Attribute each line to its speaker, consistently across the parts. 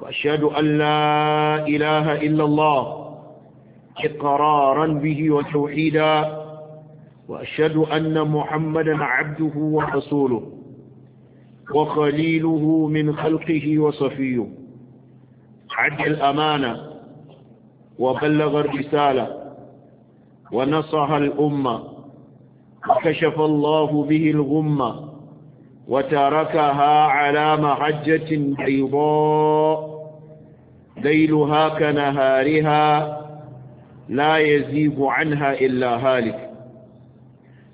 Speaker 1: وأشهد أن لا إله إلا الله إقرارا به وتوحيدا وأشهد أن محمدا عبده ورسوله وخليله من خلقه وصفيه عد الأمانة وبلغ الرسالة ونصح الأمة وكشف الله به الغمة وتركها على محجة بيضاء ليلها كنهارها لا يزيب عنها إلا هالك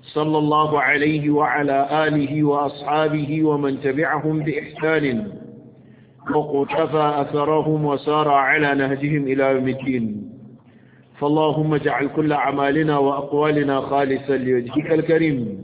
Speaker 1: صلى الله عليه وعلى آله وأصحابه ومن تبعهم بإحسان وقتفى أثرهم وسار على نهجهم إلى يوم الدين فاللهم اجعل كل أعمالنا وأقوالنا خالصا لوجهك الكريم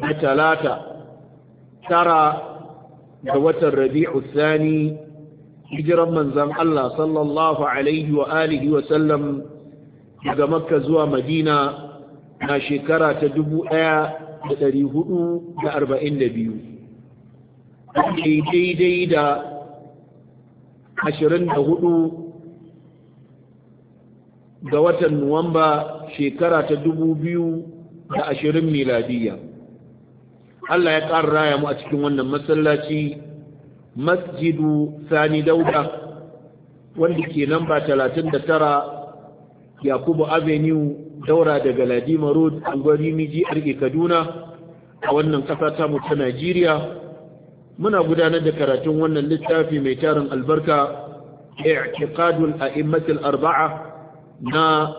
Speaker 1: na talata tara da watan rabi'u sani hijiran manzan Allah sallallahu alaihi wa alihi wa sallam daga makka zuwa madina na shekara ta dubu ɗaya da ɗari hudu da arba'in da biyu daidai da ashirin da hudu ga watan nuwamba shekara ta dubu biyu da ashirin miladiyya Allah ya ƙara raya mu a cikin wannan masallaci masjidu sani dauda wanda ke namba tara yakubu avenue daura daga ladima road angwari miji arke kaduna a wannan ƙasa ta mu ta najeriya muna gudanar da karatun wannan littafi mai tarin albarka i'tiqadul a'immatul arba'a na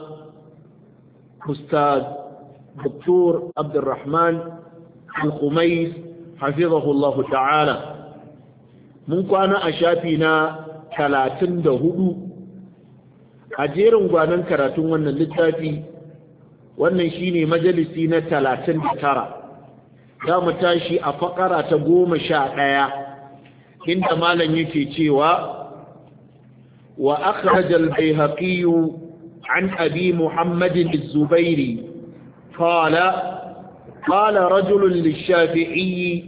Speaker 1: ustaz Dr. al-khumais hafizahullahu ta'ala mun kwana a shafi na talatin da 34 a jerin gwanan karatun wannan littafi wannan shine majalisi na 39 za mu tashi a faƙara ta goma sha ɗaya inda malam yake cewa wa akhraj al-bayhaqi an abi muhammadin az-zubairi قال رجل للشافعي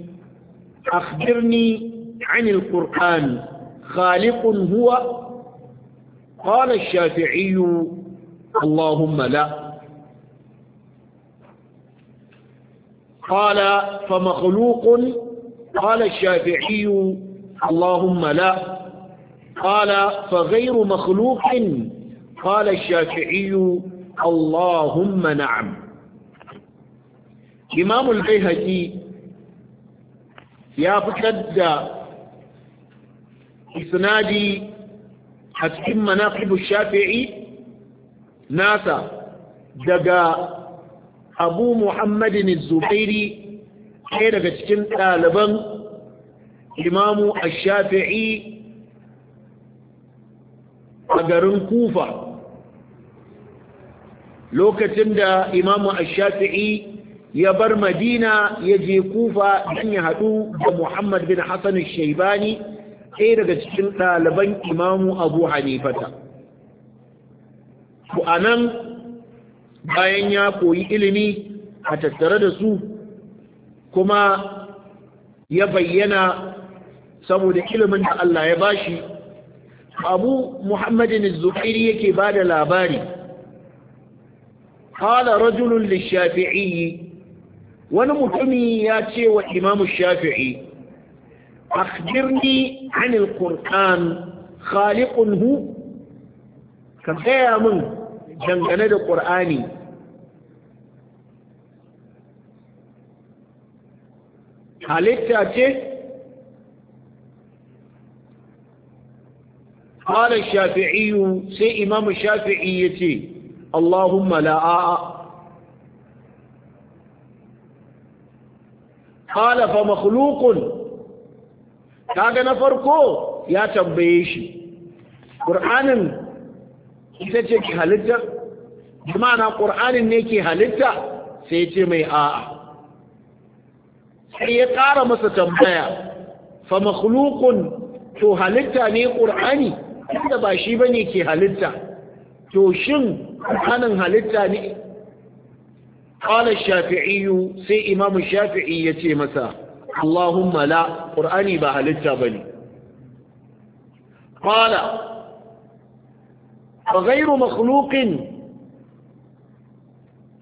Speaker 1: أخبرني عن القرآن خالق هو قال الشافعي اللهم لا قال فمخلوق قال الشافعي اللهم لا قال فغير مخلوق قال الشافعي اللهم نعم imamul haƙi ya fitar da isnadi a cikin manaqibu shafi'i nasa daga abu muhammadin zubairi ɗaya daga cikin ɗaliban imamu a shafi'i a garin kufa lokacin da imamu a shafi'i ya bar madina ya je kufa dan ya haɗu da muhammad bin hassan shaibani ɗaya daga cikin ɗaliban imamu abu hanifata ku a nan bayan ya koyi ilimi a tattare da su kuma ya bayyana saboda ilimin da Allah ya bashi abu muhammadin zuhairi yake ba da labari قال رجل للشافعي wani mutumi ya ce wa imamu shafi'i akhbirni anil qur'an khaliquhu ka gaya min dangane da qur'ani halitta ce
Speaker 2: قال الشافعي
Speaker 1: سي إمام الشافعي يتي اللهم لا آآ qala fa makhluqun kaga na farko ya tambaye shi qur'anin ita ce ki halitta ma'ana qur'anin ne ke halitta sai ce mai a'a sai ya kara masa tambaya fa makhluqun to halitta ne qur'ani inda ba shi bane ke halitta to shin qur'anin halitta ne قال الشافعي سي إمام الشافعي يتي مسا اللهم لا قرآني بهلتا بني قال فغير مخلوق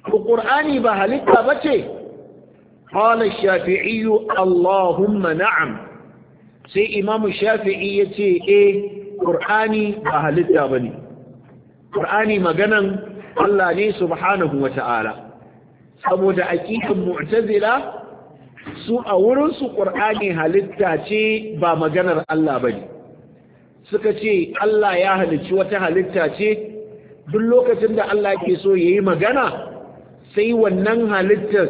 Speaker 1: القرآني بهلتا بتي قال الشافعي اللهم نعم سي إمام الشافعي يتي إيه قرآني بهلتا بني قرآني مجنن الله لي سبحانه وتعالى saboda aqidan mu'tazila su a wurin su qur'ani halitta ce ba maganar Allah ba ne, suka ce Allah ya halicci wata halitta ce duk lokacin da Allah ke so yayi magana sai wannan halittar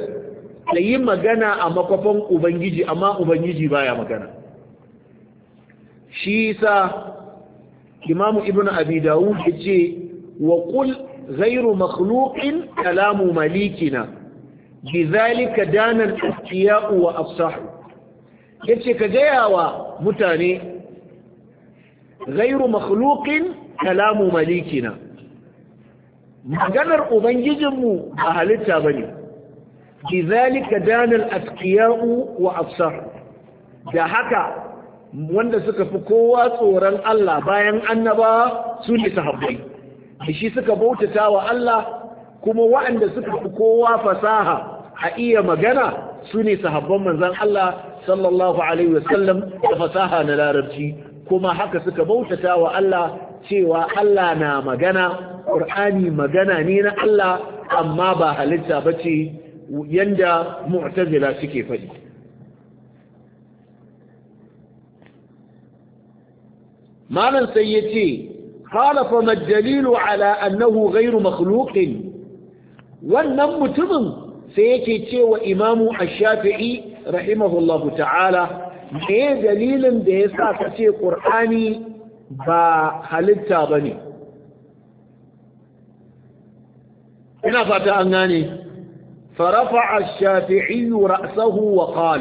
Speaker 1: da yi magana a makwafan ubangiji amma ubangiji baya magana shi sa imamu ibn abi ya yace wa qul ghayru makhluqin kalamu malikina bizalika danar astiya'u wa afsahu yace ka gaya wa mutane ghairu makhluqin kalamu malikina maganar ubangijinmu a halitta bane bizalika danar astiya'u wa afsahu da haka wanda suka fi kowa tsoron Allah bayan annaba su ne sahabbai da shi suka bautata wa Allah kuma waɗanda suka fi kowa fasaha a iya magana su ne sahabban manzan Allah sallallahu alaihi wasallam da fasaha na larabci kuma haka suka bautata wa Allah cewa Allah na magana ƙur'ani magana ne na Allah amma ba halitta ba ce yanda mu'tazila suke faɗi malam sai ya ce halafa majalilu ala annahu ghairu makhluqin wannan mutumin sai yake cewa wa imamu a shafi'i rahimahullahu ta'ala ne dalilin da ya sa ka ce ƙur'ani ba halitta ba ne ina fata an gane farafa a shafi'i ra'asahu wa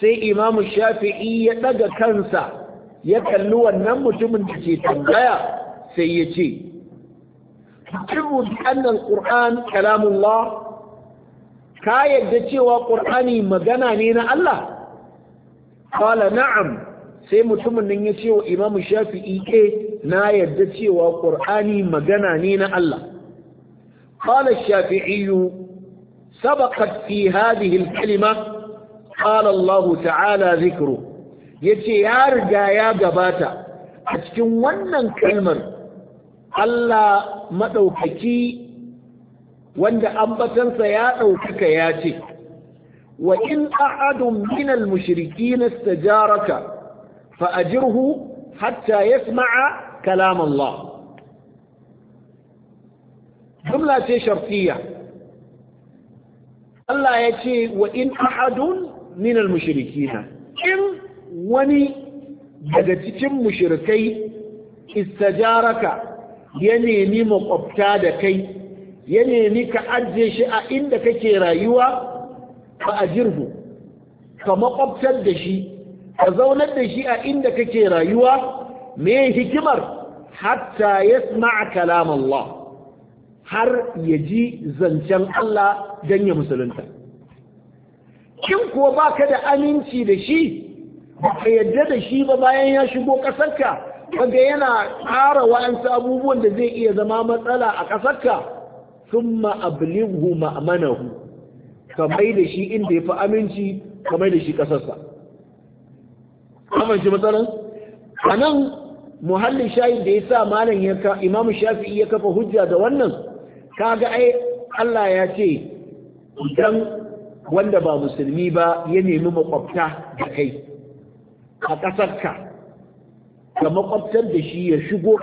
Speaker 1: sai imamu shafi'i ya ɗaga kansa ya kalli wannan mutumin da ke tambaya sai ya ce تقر بأن القرآن ka الله cewa ƙur'ani magana ne na Allah? قال نعم sai mutumin nan ya ce wa Imam shafi'i ke na yarda cewa ƙur'ani magana ne na Allah qala shafi'i sabaqat fi hadhihi al-kalima qala Allah ta'ala zikru yace ya riga ya gabata a cikin wannan kalmar Allah maɗaukaki wanda ambatansa ya ɗaukaka ya ce wa in ahadun minal mushrikin istajaraka fa ajirhu hatta yasma'a kalaman Allah jumla ce shartiyya Allah ya ce wa in ahadun minal mushrikin in wani daga cikin mushrikai istajaraka ya nemi makwabta da kai ya nemi ka ajiye shi a inda kake rayuwa ba a jirhu ka makwabtar da shi ka zaunar da shi a inda kake rayuwa mai hikimar hatta ya sama'a kalam har ya ji zancen Allah don ya musulunta kin kuwa baka da aminci da shi ba ka yadda da shi ba bayan ya shigo ƙasarka wanda yana ƙara wa'ansu abubuwan da zai iya zama matsala a ƙasarka sun ma'ablighu ma'amanahu Kamai da shi inda ya fi aminci ka da shi ƙasarsa amince matsalan a nan muhallin shayin da ya sa malam ya ka imam shafi'i ya kafa hujja da wannan kaga ai Allah ya ce idan wanda ba musulmi ba ya nemi makwabta da kai a ƙasarka ka makwabtar da shi ya shigo